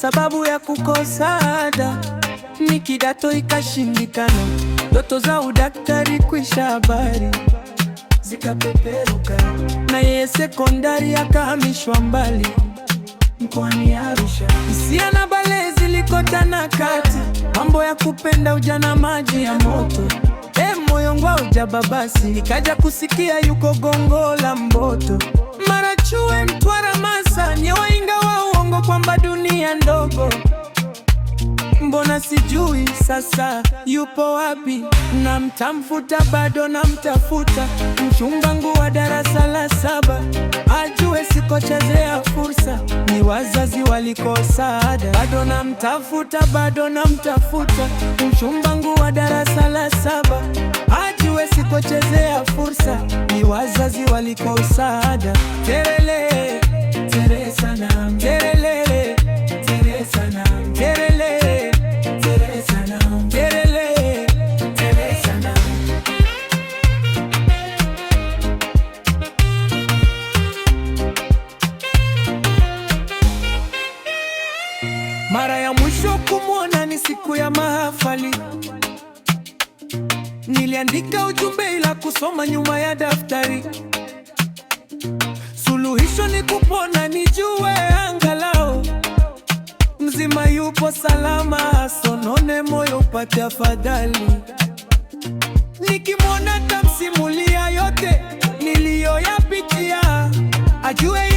sababu ya kukosa ada, ni kidato ikashindikana, ndoto za udaktari kwisha habari zikapeperuka, na yeye sekondari akahamishwa mbali mkoani Arusha. Hisia na bale zilikotana kati, mambo ya kupenda ujana, maji ya moto e, moyo ngwa ikaja kusikia yuko gongo la Mboto, mara chue Mtwara, Masa sijui sasa yupo wapi, na mtamfuta bado na mtafuta. Mchungangu wa darasa la saba ajue sikochezea fursa, ni wazazi walikosa ada. Bado na mtafuta bado na mtafuta. Mchungangu wa darasa la saba ajue sikochezea fursa, ni wazazi walikosa ada. Mara ya mwisho kumwona ni siku ya mahafali, niliandika ujumbe ila kusoma nyuma ya daftari. Suluhisho ni kupona, nijue angalau mzima yupo salama, sonone moyo upate afadhali. Nikimwona tamsimulia yote niliyoyapitia, ajue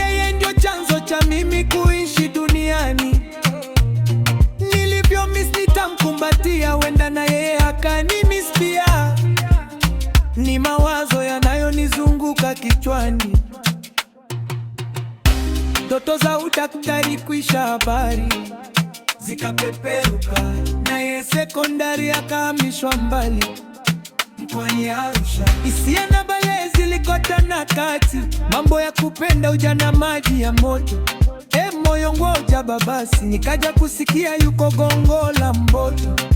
Inanimiss pia ni mawazo yanayonizunguka kichwani, ndoto za udaktari kuisha habari zikapeperuka, naye sekondari akahamishwa mbali mkoani Arusha, hisia na bale zilikotana kati, mambo ya kupenda ujana, maji ya moto e moyo ngoja babasi, nikaja kusikia yuko gongo la mboto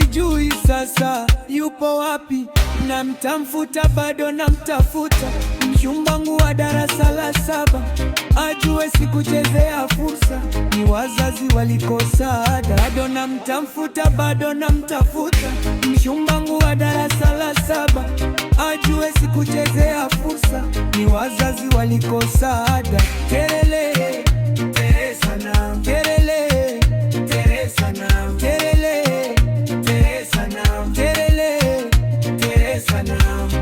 sijui sasa yupo wapi, na mtamfuta bado na mtafuta mchumbangu wa darasa la saba, ajue sikuchezea fursa, ni wazazi walikosa bado na mtamfuta bado na mtafuta mchumbangu wa darasa la saba, ajue sikuchezea fursa, ni wazazi walikosa ada for now.